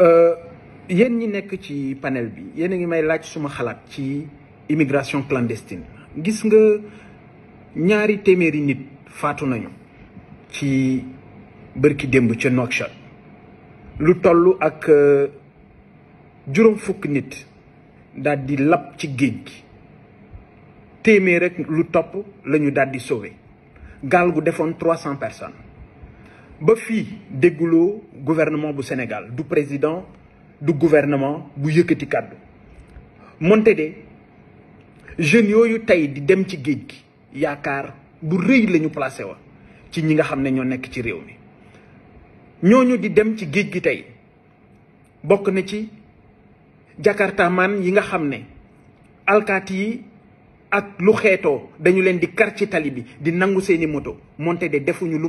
Euh, yéen ñi nekk ci panel bi yéen a ngi may laaj suma xalaat ci immigration clandestine gis nga ñaari téeméeri nit faatu nañu ci bërki démb ca Nouakchott lu toll ak euh, juróom fukk nit daldi di lab ci géej gi téeméer rek lu topp lañu ñu daal di sauvé gaal gu defoon trois cent personnes ba fii dégguloo gouvernement du Sénégal du président du gouvernement bu yëkkati Kaddu. Monté, de jeunes là pour di dem ci de gi bu rëy placé wa ci ñi nga sommes là pour ci réew mi de di dem ci Jakarta bokk na ci Alcati, yi nga talibi, lu moto Monté, de defuñu lu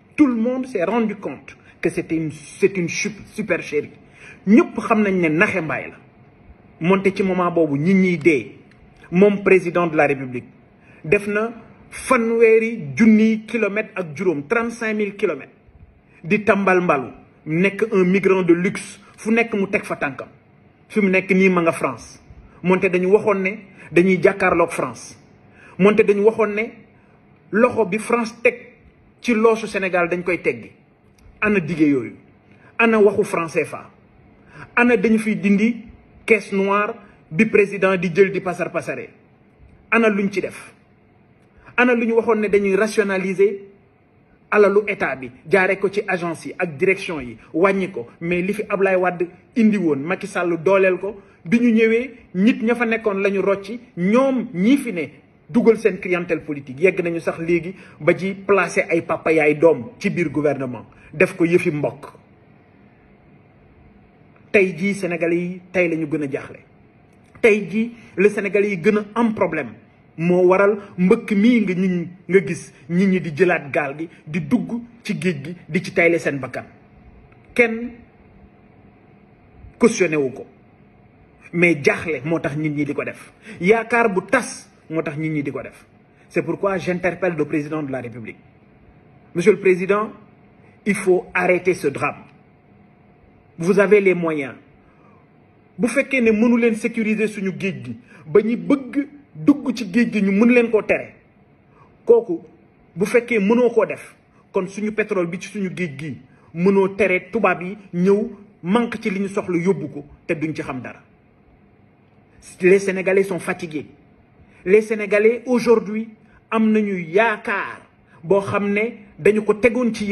tout le monde s'est rendu compte que c'était une c'est une Nous super chérie nañ mon la ci moment ñi président de la république def na kilomètres ak kilomètres di tambal nek un migrant de luxe fu nek mu fa mu ma nga France monté dañu dañuy France dañu loxo France ci au Sénégal dañ koy téggi ana dige yoyu ana waxu français fa ana dañ fi dindi caisse noire bi président di jël di pasar pasare ana luñ ci def ana luñ waxone dañuy rationaliser lu état bi jaare ko ci agence yi ak direction yi wañi ko mais li fi Ablaye wad indi won, Macky Sall ko biñu ñëwé nit ña fa nekkoon rocci ñom ñi fi né dugal seen clientèle politique yegg nañu sax léegi ba ci placer ay papa yaay doom ci biir gouvernement def ko yëfi mbokk tey jii sénégalais yi tey lañu ñu gën a jaaxle tey jii la sénégalais yi gën a am problème moo waral mbëkk mii nga ñi nga gis nit ñi di jëlaat gaal gi di dugg ci géej gi di ci tayle seen bakkan kenn cautionné wu ko mais jaaxle moo tax nit ñi di ko def yaakaar bu tas moo tax nit ñi di def c'est pourquoi j'interpelle le président de la République monsieur le président il faut arrêter ce drame vous avez les moyens bu fekkee ne mënu leen sécuriser suñu géej gi ba ñu bëgg dugg ci géej gi ñu mën leen koo tere kooku bu fekkee mënoo koo def kon suñu pétrole bi ci suñu géej gi mënoo tere tubaab yi ñëw manque ci li ñu soxla yóbbu ko te duñ ci xam dara les Sénégalais sont fatigués les sénégalais aujourd'hui am yakar bo xamné dañu ko téggon ci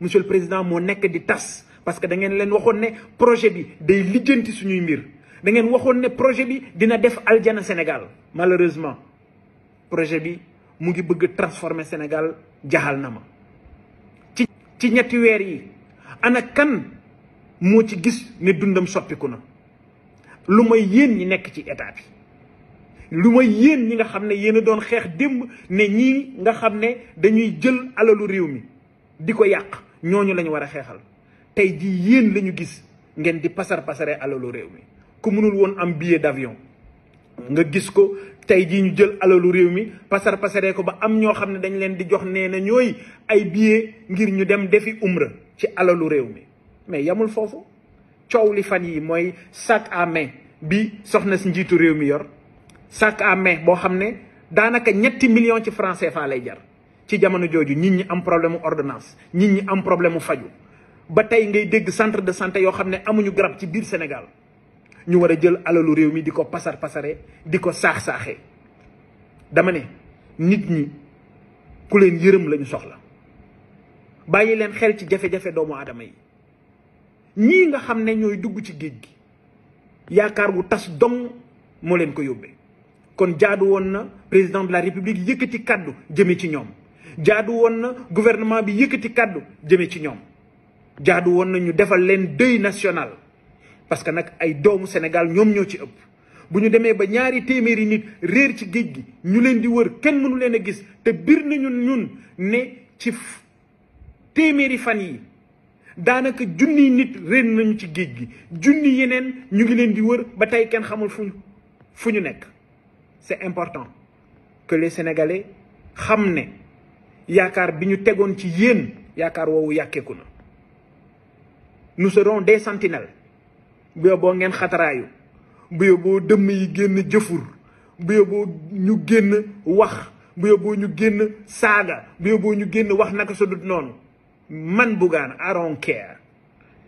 monsieur le président mo nek di tas parce que da ngeen len waxone projet bi day suñuy mbir da projet bi dina def aljana Sénégal malheureusement projet bi mu ngi bëgg transformer Sénégal Jahalnama. ci ci ñetti wër yi ana kan mo ci gis ne dundam lu ma yéen ñi nga xam ne yéen a doon xeex démb ne ñii nga xam ne dañuy jël alalu réew mi di ko yàq ñooñu la ñu war a xeexal tey jii yéen lañu gis ngeen di pasar pasare alalu réew mi ku mënul woon am billet d'avion nga gis ko tey jii ñu jël alalu réew mi pasar pasare ko ba am ñoo xam ne dañ leen di jox nee na ñooy ay billet ngir ñu dem defi umra ci alalu réew mi mais yamul foofu coow li fan yi mooy sac à main bi soxna si njiitu réew mi yor sac à main boo xam ne ñetti million ci franc CFA lay jar ci jamono joju nit ñi am problème ordonnance nit ñi am problème faju ba tay ngay dégg centre de santé yo xamné amuñu grab ci bir Sénégal ñu wara jël alalu réew mi di ko pasar diko di ko dama né nit ñi ku leen yërem lañu soxla jefe leen xel ci jafé jafé doomu adama yi ñi nga xamné ñoy dugg ci géej gi yaakar wu tas dong mo leen ko yobbe kon jaadu woon na président de la république yëkkati kàddu jëme ci ñoom jaadu woon na gouvernement bi yëkkati kàddu jëme ci ñoom jaadu woon na ñu defal leen deuil national parce que nag ay doomu Sénégal ñoom ñoo ci ëpp bu ñu demee ba ñaari téeméeri nit réer ci géej gi ñu leen di wër kenn mënu leen a gis te biir nañu ñun ne ci téeméeri fan yi daanaka junniy nit réer nañu ci géej gi junni yeneen ñu ngi leen di wër ba tey kenn xamul fu ñu fu ñu nekk c'est important que les sénégalais xamné yakar. biñu bi ci nous serons des sentinelles bu bo ngén demi bu bo dëmm yi génn jëfur bu saga. ñu génn wax bu Manbogan, I don't care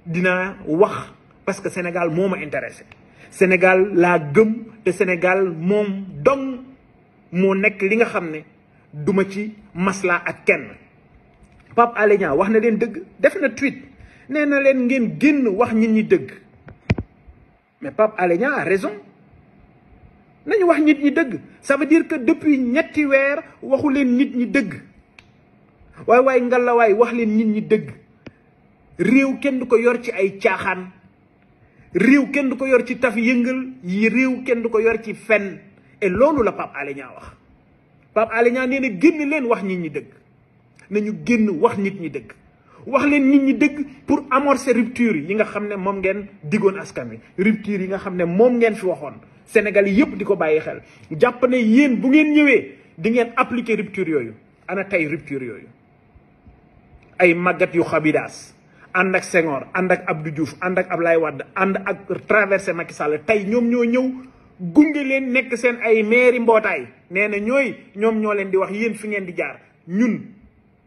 Dina wax parce que Sénégal moma Sénégal la gëm de Sénégal mon don mon nek li nga xamné ne duma ci masla ak kenn Pape Alé Niang wax na len deug def na tweet néna len ngeen wax nit ñi deug mais Pape Alé a raison nañu wax nit ñi deug ça veut dire que depuis ñetti wèr waxu len nit ñi way waaye waaye way wax len nit ñi deug réew kenn du ko yor ci ay tiaxan réew kenn du ko yor ci taf yëngal yi réew kenn du ko yor ci fen et loolu la pape alé wax pape alé ñaa nee len génn leen wax nit ñi dëgg nañu génn wax nit ñi dëgg wax leen nit ñi dëgg pour amorcer rupture yi nga xam ne moom ngeen digoon askan wi rupture yi nga xam ne moom ngeen fi waxoon sénégal yépp di ko bàyyi xel jàpp ne yéen bu ngeen ñëwee di ngeen appliquer rupture yooyu ana tey rupture yooyu ay magat yu xabidaas And ak Senghor Abdoujouf, ak Abdou Diouf and ak Ablaye wad and ak traverser Macky Sall tey ñoo ñew nekk sen ay mbotay ñoy ñom di wax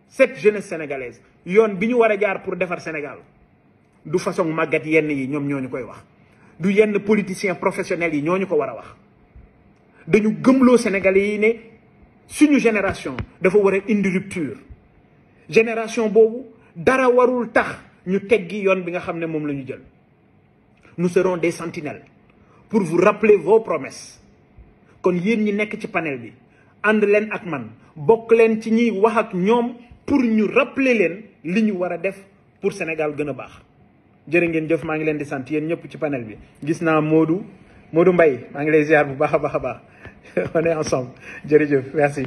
cette jeunesse sénégalaise yoon ont wara jaar pour Sénégal du façon magat yenn yi ñom ñoo ñukoy wax du yenn politiciens professionnels yi ñoo ñuko wara wax dañu Sénégalais yi génération dafa wara génération dara warul tax ñu teggi yoon bi nga xamné ne lañu jël nous serons des sentinelles pour vous rappeler vos promesses kon yeen ñi nek ci panel bi and leen ak man bokk leen ci ñi wax ak ñom pour ñu rappeler leen li ñu wara def pour Sénégal gëna bax baax jërë ngeen jëf maa ngi leen di sant yéen ñëpp ci panel bi gis naa Modou Modou Mbaye maa ngi lay ziar bu baax a baax a baax on est ensemble jërëjëf merci.